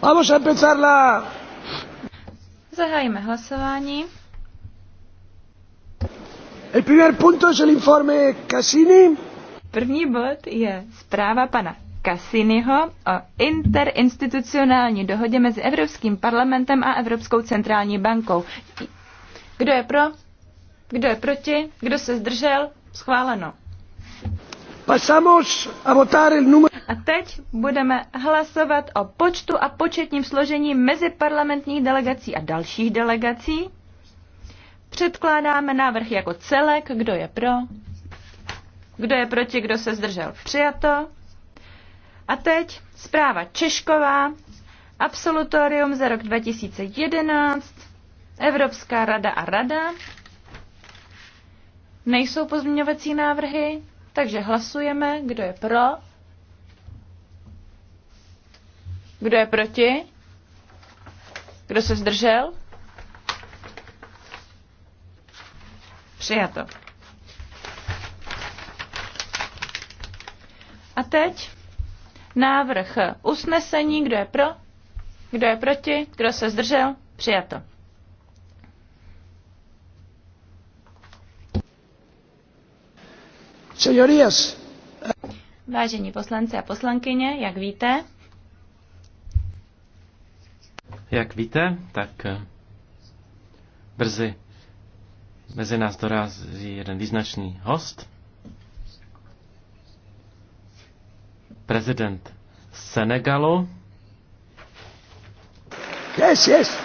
Vamos a empezar la... Zahájíme hlasování. El primer punto es el informe Cassini. První bod je zpráva pana Cassiniho o interinstitucionální dohodě mezi Evropským parlamentem a Evropskou centrální bankou. Kdo je pro? Kdo je proti? Kdo se zdržel? Schváleno. A teď budeme hlasovat o počtu a početním složení meziparlamentních delegací a dalších delegací. Předkládáme návrh jako celek. Kdo je pro? Kdo je proti? Kdo se zdržel? Přijato. A teď zpráva Češková. Absolutorium za rok 2011. Evropská rada a rada. Nejsou pozměňovací návrhy? Takže hlasujeme, kdo je pro, kdo je proti, kdo se zdržel. Přijato. A teď návrh usnesení, kdo je pro, kdo je proti, kdo se zdržel. Přijato. Señorías. Vážení poslanci a poslankyně, jak víte, jak víte, tak eh, brzy mezi nás dorazí jeden význačný host, prezident Senegalu. Yes, yes.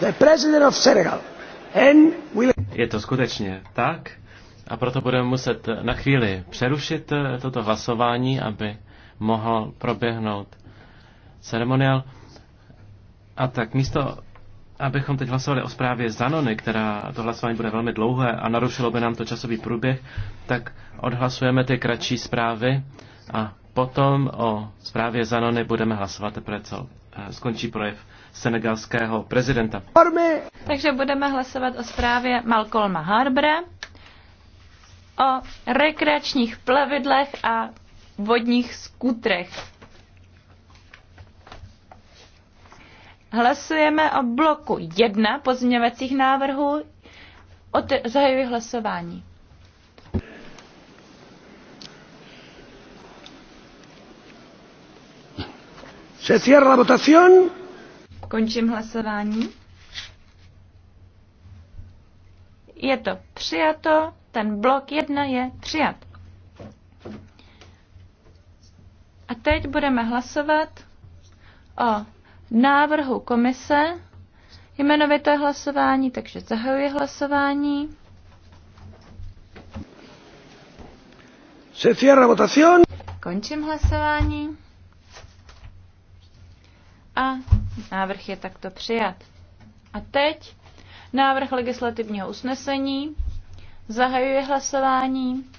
The president of Senegal. And we... Je to skutečně tak. A proto budeme muset na chvíli přerušit eh, toto hlasování, aby mohl proběhnout ceremoniál. A tak místo, abychom teď hlasovali o zprávě Zanony, která to hlasování bude velmi dlouhé a narušilo by nám to časový průběh, tak odhlasujeme ty kratší zprávy a potom o zprávě Zanony budeme hlasovat teprve, co eh, skončí projev senegalského prezidenta. Takže budeme hlasovat o zprávě Malcolma Harbre o rekreačních plavidlech a vodních skutrech. Hlasujeme o bloku 1 pozměňovacích návrhů. Ote- zahajuji hlasování. Se cierra la votación. Končím hlasování. Je to přijato ten blok 1 je přijat. A teď budeme hlasovat o návrhu komise, jmenovité hlasování, takže zahajuji hlasování. Se cierra votación. Končím hlasování. A návrh je takto přijat. A teď návrh legislativního usnesení. Zahajuji hlasování.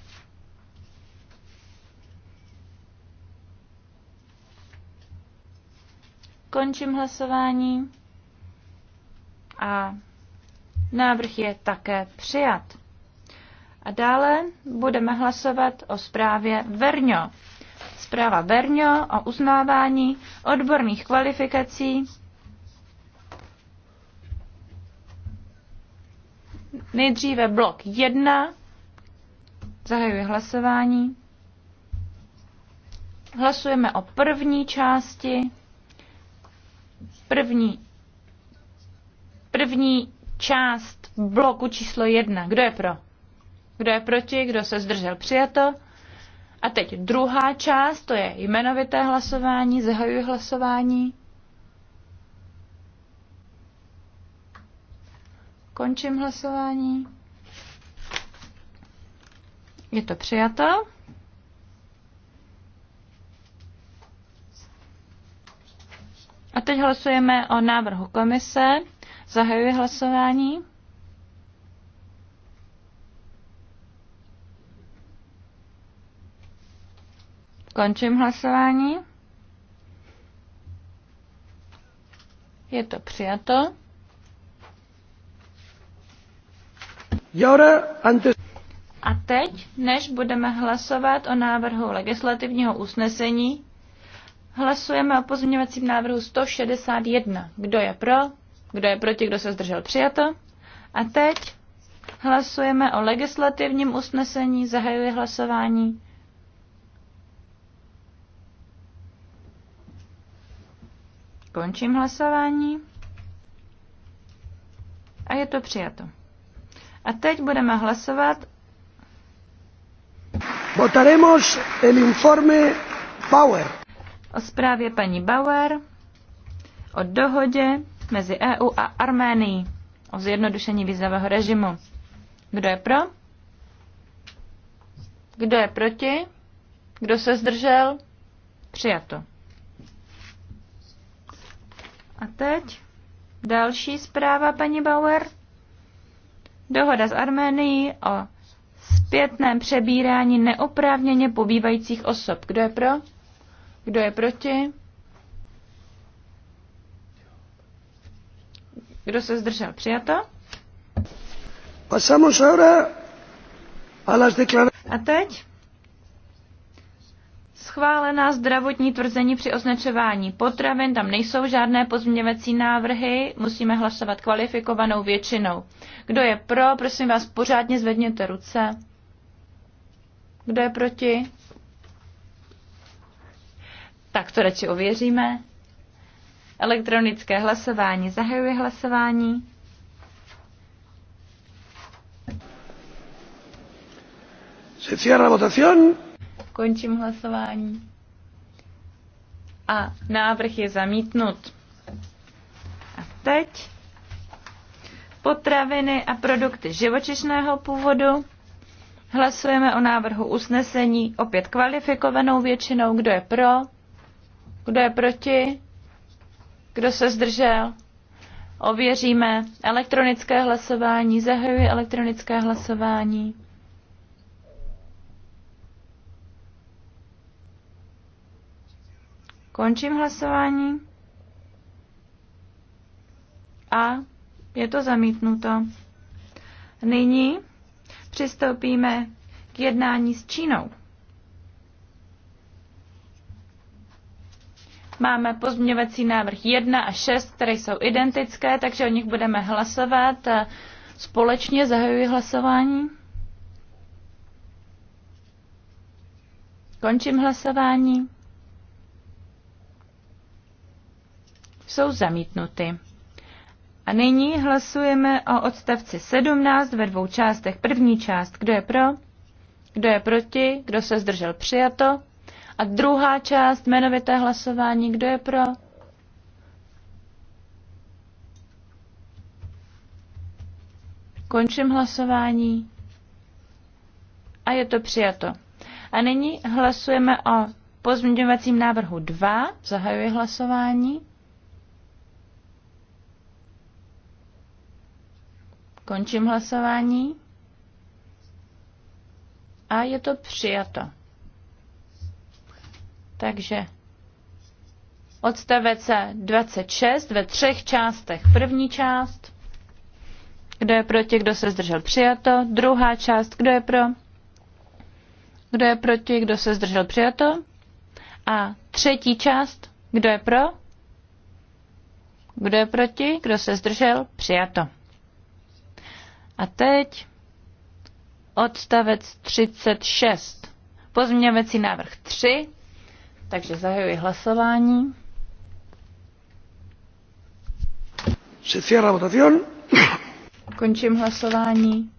Končím hlasování. A návrh je také přijat. A dále budeme hlasovat o zprávě Verňo. Zpráva Verňo o uznávání odborných kvalifikací Nejdříve blok 1. Zahajuji hlasování. Hlasujeme o první části. První, první část bloku číslo 1. Kdo je pro? Kdo je proti? Kdo se zdržel? Přijato. A teď druhá část, to je jmenovité hlasování. Zahajuji hlasování. Končím hlasování. Je to přijato. A teď hlasujeme o návrhu komise. Zahajuji hlasování. Končím hlasování. Je to přijato. A teď, než budeme hlasovat o návrhu legislativního usnesení, hlasujeme o pozměňovacím návrhu 161. Kdo je pro? Kdo je proti? Kdo se zdržel? Přijato. A teď hlasujeme o legislativním usnesení. Zahajuji hlasování. Končím hlasování. A je to přijato. A teď budeme hlasovat. Votaremos el informe Bauer. O zprávě paní Bauer o dohodě mezi EU a Arménií o zjednodušení vízového režimu. Kdo je pro? Kdo je proti? Kdo se zdržel? Přijato. A teď další zpráva paní Bauer. Dohoda s Arménií o zpětném přebírání neoprávněně pobývajících osob. Kdo je pro? Kdo je proti? Kdo se zdržel? Přijato? A teď schválená zdravotní tvrzení při označování potravin, tam nejsou žádné pozměňovací návrhy, musíme hlasovat kvalifikovanou většinou. Kdo je pro, prosím vás, pořádně zvedněte ruce. Kdo je proti? Tak to radši ověříme. Elektronické hlasování. Zahajuji hlasování. Se cierra votación. Končím hlasování. A návrh je zamítnut. A teď potraviny a produkty živočišného původu. Hlasujeme o návrhu usnesení opět kvalifikovanou většinou. Kdo je pro? Kdo je proti? Kdo se zdržel? Ověříme elektronické hlasování. Zahajuji elektronické hlasování. Končím hlasování. A je to zamítnuto. Nyní přistoupíme k jednání s Čínou. Máme pozměňovací návrh 1 a 6, které jsou identické, takže o nich budeme hlasovat. Společně zahajuji hlasování. Končím hlasování. jsou zamítnuty. A nyní hlasujeme o odstavci 17 ve dvou částech. První část, kdo je pro, kdo je proti, kdo se zdržel přijato. A druhá část, jmenovité hlasování, kdo je pro, Končím hlasování. A je to přijato. A nyní hlasujeme o pozměňovacím návrhu 2. Zahajuji hlasování. Končím hlasování. A je to přijato. Takže odstavec 26 ve třech částech. První část, kdo je proti, kdo se zdržel přijato. Druhá část, kdo je pro, kdo je proti, kdo se zdržel přijato. A třetí část, kdo je pro, kdo je proti, kdo se zdržel přijato. A teď odstavec 36. Pozměňovací návrh 3. Takže zahajuji hlasování. Se cierra votación. Končím hlasování.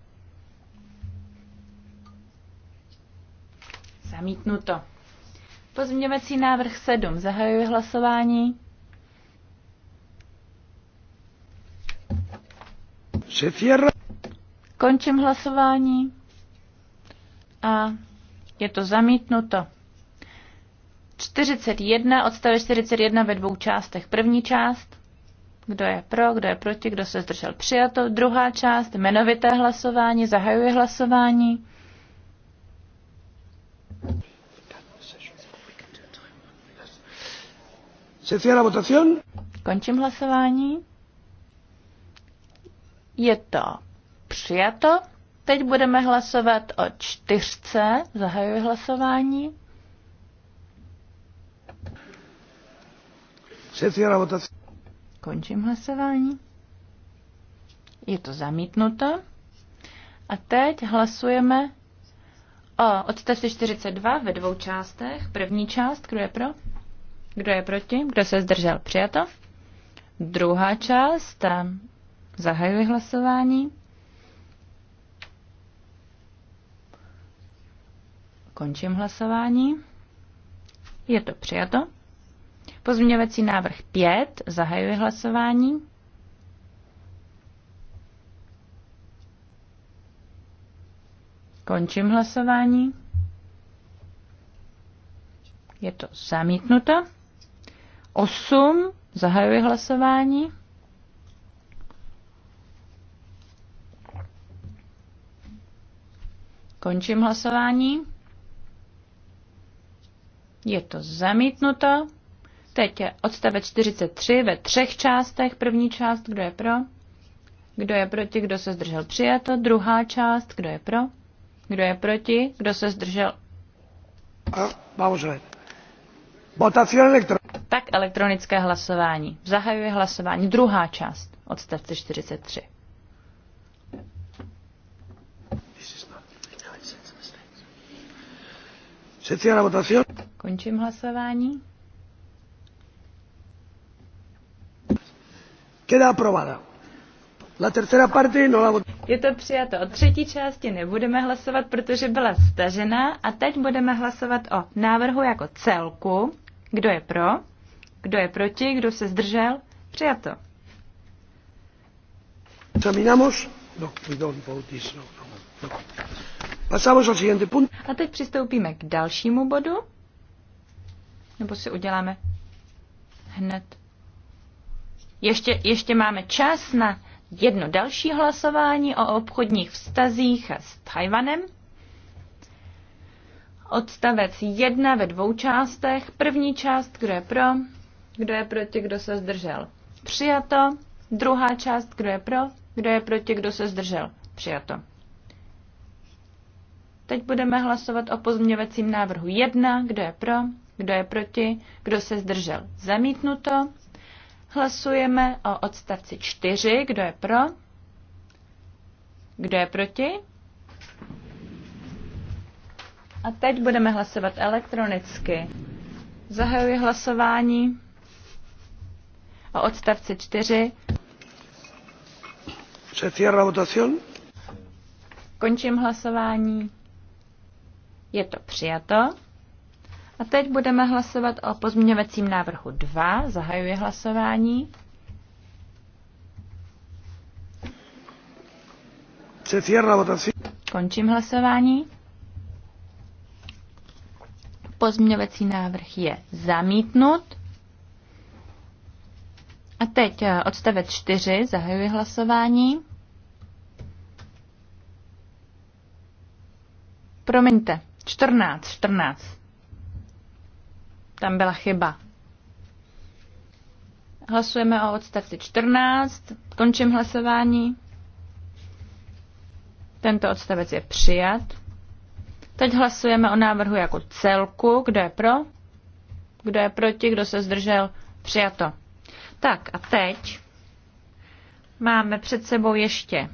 Zamítnuto. Pozměňovací návrh 7. Zahajuji hlasování. Se cierra. Končím hlasování a je to zamítnuto. 41, odstavec 41 ve dvou částech. První část, kdo je pro, kdo je proti, kdo se zdržel přijato. Druhá část, jmenovité hlasování, zahajuje hlasování. Se cierra votación. Končím hlasování. Je to Přijato. Teď budeme hlasovat o čtyřce. Zahajuji hlasování. Končím hlasování. Je to zamítnuto. A teď hlasujeme o odstavci 42 ve dvou částech. První část, kdo je pro? Kdo je proti? Kdo se zdržel? Přijato. Druhá část, tam zahajuji hlasování. Končím hlasování. Je to přijato. Pozměňovací návrh 5. Zahajuji hlasování. Končím hlasování. Je to zamítnuto. 8. Zahajuji hlasování. Končím hlasování. Je to zamítnuto. Teď je odstavec 43 ve třech částech. První část, kdo je pro? Kdo je proti? Kdo se zdržel? Přijato. Druhá část, kdo je pro? Kdo je proti? Kdo se zdržel? Vamos a Tak elektronické hlasování. Zahajuje hlasování. Druhá část odstavce 43. Se cierra votación. Končím hlasování. Queda aprobada. La tercera parte no la Je to přijato. O třetí části nebudeme hlasovat, protože byla stažena a teď budeme hlasovat o návrhu jako celku. Kdo je pro? Kdo je proti? Kdo se zdržel? Přijato. Terminamos. No, pardon, don't no, no, no. Pasamos al siguiente punto. A teď přistoupíme k dalšímu bodu. Nebo si uděláme hned. Ještě, ještě máme čas na jedno další hlasování o obchodních vztazích s Tajvanem. Odstavec jedna ve dvou částech. První část, kdo je pro, kdo je proti, kdo se zdržel. Přijato. Druhá část, kdo je pro, kdo je proti, kdo se zdržel. Přijato. Teď budeme hlasovat o pozměňovacím návrhu 1. Kdo je pro? Kdo je proti? Kdo se zdržel? Zamítnuto. Hlasujeme o odstavci 4. Kdo je pro? Kdo je proti? A teď budeme hlasovat elektronicky. Zahajuji hlasování o odstavci 4. Se cierra votación. Končím hlasování. Je to přijato. A teď budeme hlasovat o pozměňovacím návrhu 2. Zahajuji hlasování. Se Končím hlasování. Pozměňovací návrh je zamítnut. A teď eh, odstavec 4. Zahajuji hlasování. Promiňte, 14, 14. Tam byla chyba. Hlasujeme o odstavci 14. Končím hlasování. Tento odstavec je přijat. Teď hlasujeme o návrhu jako celku. Kdo je pro? Kdo je proti? Kdo se zdržel? Přijato. Tak a teď máme před sebou ještě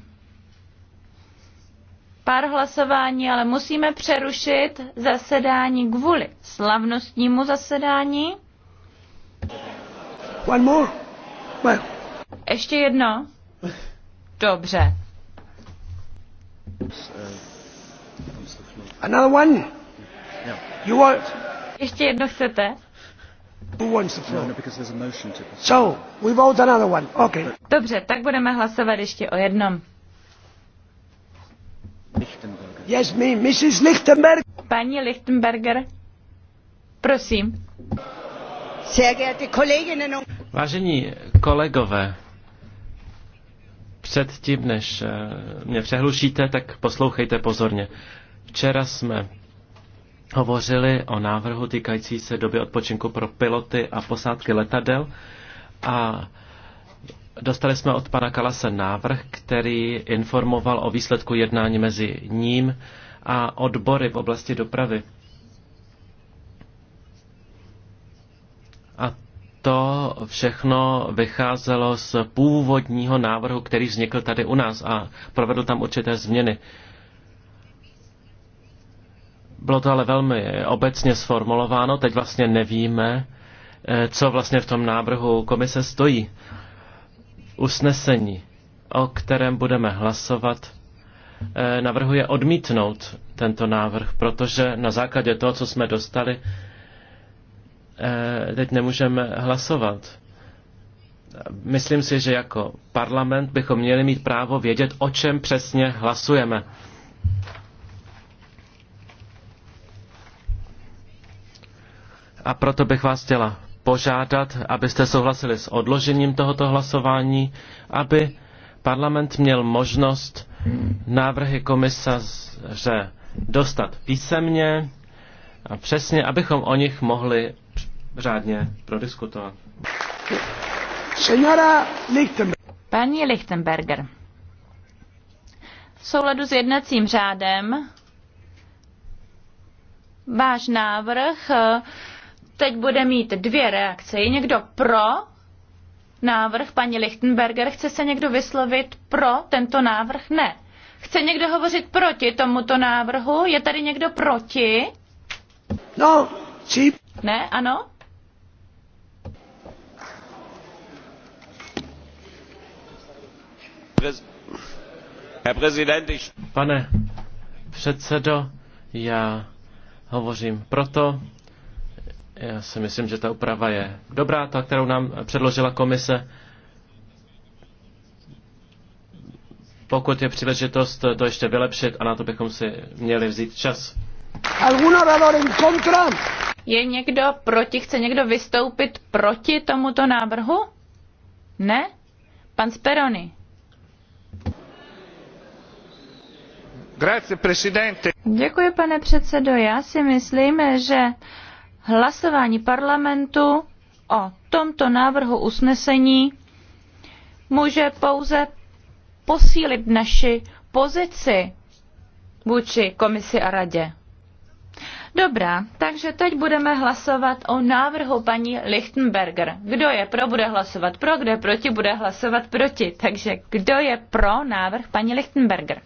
pár hlasování, ale musíme přerušit zasedání kvůli slavnostnímu zasedání. One more. Well. Ještě jedno. Dobře. Another one. You want... Ještě jedno chcete? Who wants the floor? No, no, so, we vote another one. Okay. Dobře, tak budeme hlasovat ještě o jednom. Yes, me, Mrs. Lichtenberg. Paní Lichtenberger, prosím. Vážení kolegové, předtím, než eh, mě přehlušíte, tak poslouchejte pozorně. Včera jsme hovořili o návrhu týkající se doby odpočinku pro piloty a posádky letadel a Dostali jsme od pana Kalase návrh, který informoval o výsledku jednání mezi ním a odbory v oblasti dopravy. A to všechno vycházelo z původního návrhu, který vznikl tady u nás a provedl tam určité změny. Bylo to ale velmi obecně sformulováno, teď vlastně nevíme, eh, co vlastně v tom návrhu komise stojí usnesení, o kterém budeme hlasovat, eh, navrhuje odmítnout tento návrh, protože na základě toho, co jsme dostali, eh, teď nemůžeme hlasovat. Myslím si, že jako parlament bychom měli mít právo vědět, o čem přesně hlasujeme. A proto bych vás chtěla požádat, abyste souhlasili s odložením tohoto hlasování, aby parlament měl možnost návrhy komisaře dostat písemně a přesně, abychom o nich mohli řádně prodiskutovat. Paní Lichtenberger, v souladu s jednacím řádem váš návrh eh, teď bude mít dvě reakce. Je někdo pro návrh paní Lichtenberger? Chce se někdo vyslovit pro tento návrh? Ne. Chce někdo hovořit proti tomuto návrhu? Je tady někdo proti? No, či... Ne, ano? Pane předsedo, já hovořím proto, já si myslím, že ta úprava je dobrá, ta, kterou nám předložila komise. Pokud je příležitost to ještě vylepšit, a na to bychom si měli vzít čas. Je někdo proti, chce někdo vystoupit proti tomuto návrhu? Ne? Pan Speroni. Děkuji, pane předsedo. Já si myslím, že hlasování parlamentu o tomto návrhu usnesení může pouze posílit naši pozici vůči komisi a radě. Dobrá, takže teď budeme hlasovat o návrhu paní Lichtenberger. Kdo je pro, bude hlasovat pro, kdo je proti, bude hlasovat proti. Takže kdo je pro návrh paní Lichtenberger?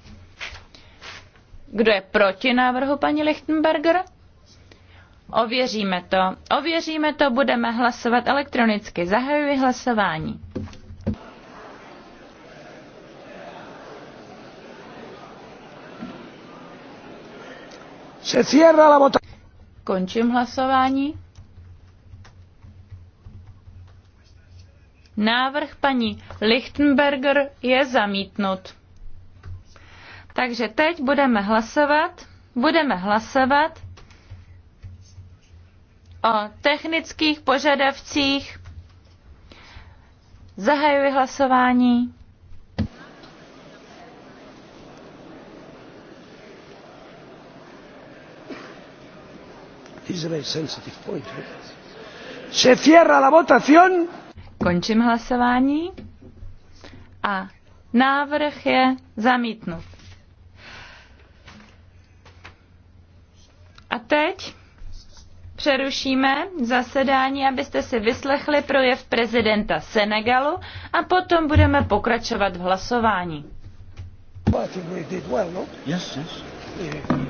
Kdo je proti návrhu paní Lichtenberger? Ověříme to. Ověříme to, budeme hlasovat elektronicky. Zahajuji hlasování. Se cierra la vota. Končím hlasování. Návrh paní Lichtenberger je zamítnut. Takže teď budeme hlasovat. Budeme hlasovat o technických požadavcích. Zahajuji hlasování. Se cierra la votación. Končím hlasování a návrh je zamítnut. A teď přerušíme zasedání, abyste si vyslechli projev prezidenta Senegalu a potom budeme pokračovat v hlasování. Well, no? Yes, yes.